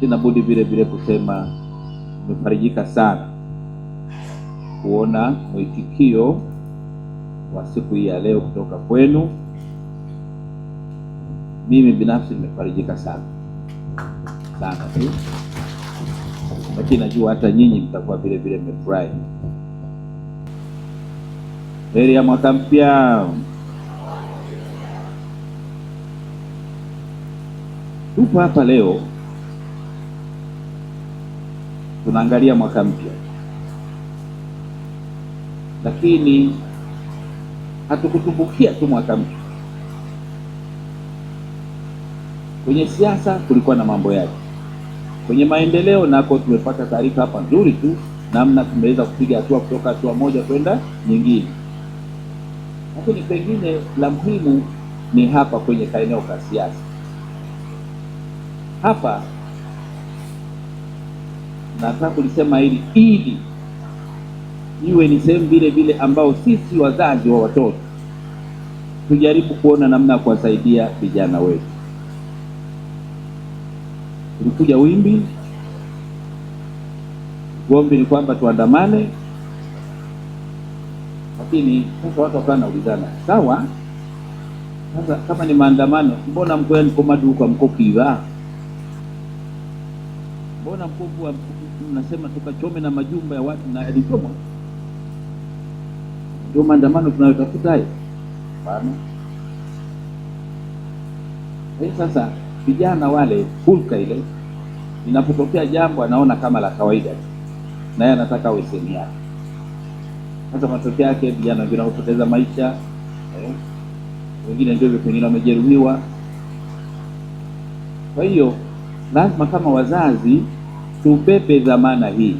sina budi vile vile kusema nimefarijika sana kuona mwitikio wa siku hii ya leo kutoka kwenu. Mimi binafsi nimefarijika sana sana tu, lakini najua hata nyinyi mtakuwa vile vile mmefurahi. Heri ya mwaka mpya. Tupo hapa leo tunaangalia mwaka mpya, lakini hatukutumbukia tu mwaka mpya. Kwenye siasa kulikuwa na mambo yake, kwenye maendeleo nako tumepata taarifa hapa nzuri tu, namna tumeweza kupiga hatua kutoka hatua moja kwenda nyingine, lakini pengine la muhimu ni hapa kwenye kaeneo ka siasa hapa Nataka kulisema hili ili iwe ni sehemu vile vile ambao sisi wazazi wa watoto tujaribu kuona namna ya kuwasaidia vijana wetu. Tulikuja wimbi, gombi ni kwamba tuandamane, lakini sasa watu wakawa naulizana, sawa, sasa kama ni maandamano, mbona mkoani Komadu huko amkokiva mbona mkovu mnasema tukachome na majumba ya watu na yalichomwa? Ndio maandamano tunayotafuta hayo. Sasa vijana wale, hulka ile inapotokea jambo anaona kama la kawaida, naye anataka awe sehemu yake. Sasa matokeo yake vijana wengine wamepoteza maisha, eh, wengine ndio pengine wamejeruhiwa. Kwa hiyo lazima kama wazazi tupepe dhamana hii,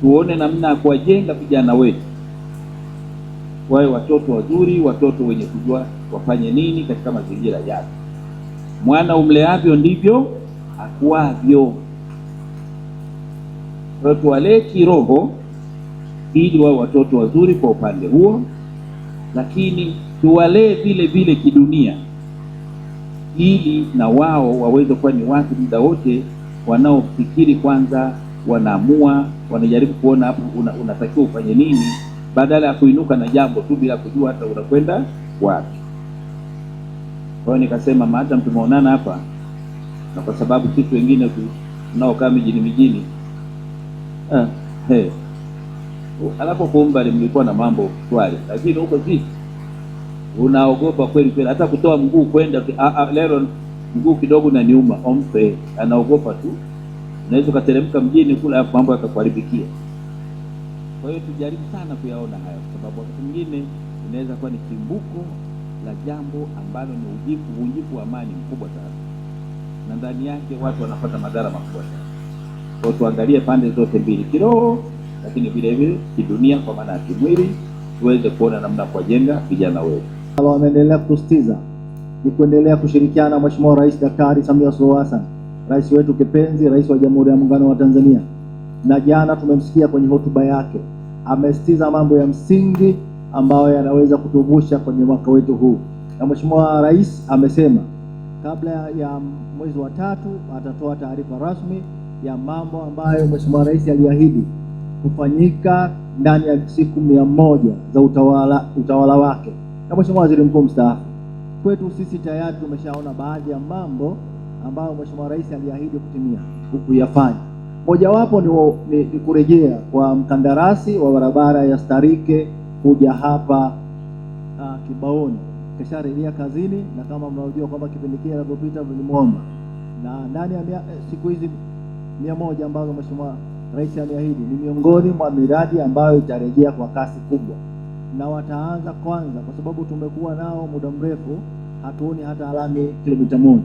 tuone namna ya kuwajenga vijana wetu wawe watoto wazuri, watoto wenye kujua wafanye nini katika mazingira yao. Mwana umleavyo ndivyo akuavyo. Kwa hiyo tuwalee kiroho ili wawe watoto wazuri kwa upande huo, lakini tuwalee vile vile kidunia ili na wao waweze kuwa ni watu muda wote wanaofikiri kwanza, wanaamua, wanajaribu kuona hapo una, unatakiwa ufanye nini badala ya kuinuka na jambo tu bila kujua hata unakwenda wapi. Kwa hiyo nikasema maadam tumeonana hapa, na kwa sababu sisi wengine tunaokaa mijini mijini ah, eh, hey. Alafu kumbali mlikuwa na mambo swali, lakini huko sisi unaogopa kweli kweli hata kutoa mguu kwenda ah, ah, leo mguu kidogo niuma, ompe, anaogopa tu. Unaweza ukateremka mjini kula, alafu mambo yakakuharibikia. Kwa hiyo tujaribu sana kuyaona haya, kwa sababu wakati mwingine inaweza kuwa ni kimbuko la jambo ambalo ni ujifu ujifu wa amani mkubwa sana, na ndani yake watu wanapata madhara makubwa sana. Kwa tuangalie pande zote mbili, kiroho lakini vile vile kidunia, kwa maana ya kimwili, tuweze kuona namna kuwajenga vijana wetu. Wanaendelea kusisitiza ni kuendelea kushirikiana na Mheshimiwa Rais Daktari Samia Suluhu Hassan, rais wetu kipenzi, rais wa Jamhuri ya Muungano wa Tanzania. Na jana tumemsikia kwenye hotuba yake amesitiza mambo ya msingi ambayo yanaweza kutuvusha kwenye mwaka wetu huu, na Mheshimiwa Rais amesema kabla ya mwezi wa tatu atatoa taarifa rasmi ya mambo ambayo Mheshimiwa Rais aliahidi kufanyika ndani ya siku mia moja za utawala, utawala wake na Mheshimiwa Waziri Mkuu mstaafu kwetu sisi tayari tumeshaona baadhi ya mambo ambayo Mheshimiwa Rais aliahidi kutimia kuyafanya Mojawapo ni, ni, ni kurejea kwa mkandarasi wa barabara ya Starike kuja hapa uh, Kibaoni kesharejea kazini, na kama mnaojua kwamba kipindi kile alivyopita vilimwomba, na ndani ya mia, eh, siku hizi mia moja ambazo Mheshimiwa Rais aliahidi ni miongoni mwa miradi ambayo itarejea kwa kasi kubwa, na wataanza kwanza, kwa sababu tumekuwa nao muda mrefu hatuoni hata alama kilomita moja.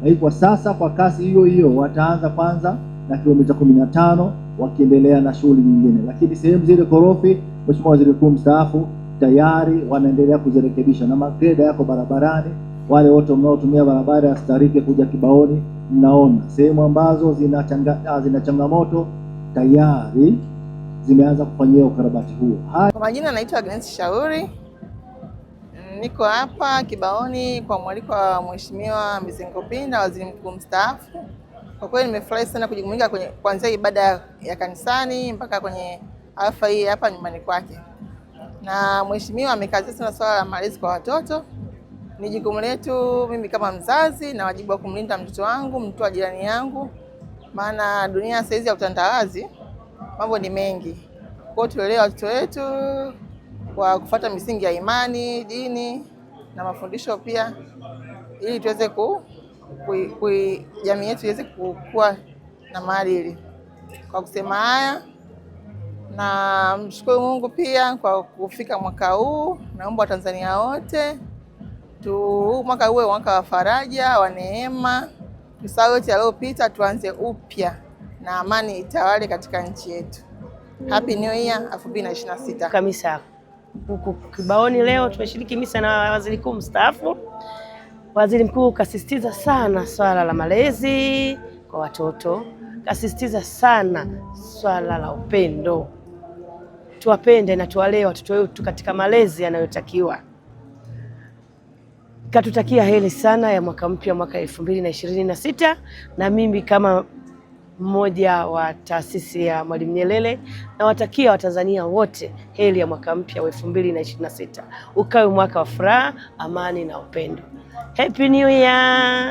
Lakini kwa sasa kwa kasi hiyo hiyo wataanza kwanza na kilomita kumi na tano wakiendelea na shughuli nyingine, lakini sehemu zile korofi, Mheshimiwa Waziri Mkuu mstaafu, tayari wanaendelea kuzirekebisha na magreda yako barabarani. Wale wote mnaotumia barabara ya Starike kuja Kibaoni, mnaona sehemu ambazo zina ah, zina changamoto tayari zimeanza kufanyia ukarabati huo. Kwa majina anaitwa Agnes Shauri Niko hapa Kibaoni kwa mwaliko wa Mheshimiwa Mizengo Pinda, waziri mkuu mstaafu. Kwa kweli nimefurahi sana kujumuika kwenye kuanzia ibada ya kanisani mpaka kwenye alfa hii hapa nyumbani kwake, na mheshimiwa amekazia sana swala la malezi kwa watoto. Ni jukumu letu, mimi kama mzazi na wajibu wa kumlinda mtoto wangu, mtoto wa jirani yangu, maana dunia saizi ya utandawazi mambo ni mengi, kwa hiyo tuelewe watoto wetu kwa kufuata misingi ya imani, dini na mafundisho pia, ili tuweze ku, ku, jamii yetu iweze kukua na maadili. Kwa kusema haya, na mshukuru Mungu pia kwa kufika mwaka huu. Naomba Watanzania wote tu mwaka huu mwaka wa faraja, wa neema. Tusahau yote yaliyopita, tuanze upya na amani itawale katika nchi yetu. Happy New Year 2026. Kamisa. Kibaoni leo tumeshiriki misa na waziri mkuu mstaafu. Waziri mkuu kasisitiza sana swala la malezi kwa watoto, kasisitiza sana swala la upendo, tuwapende na tuwalee watoto wetu katika malezi yanayotakiwa. Katutakia heri sana ya mwaka mpya, mwaka elfu mbili na ishirini na sita na mimi kama mmoja wa taasisi ya Mwalimu Nyerere. Nawatakia Watanzania wote heri ya mwaka mpya wa 2026. Ukawe mwaka wa furaha, amani na upendo. Happy New Year!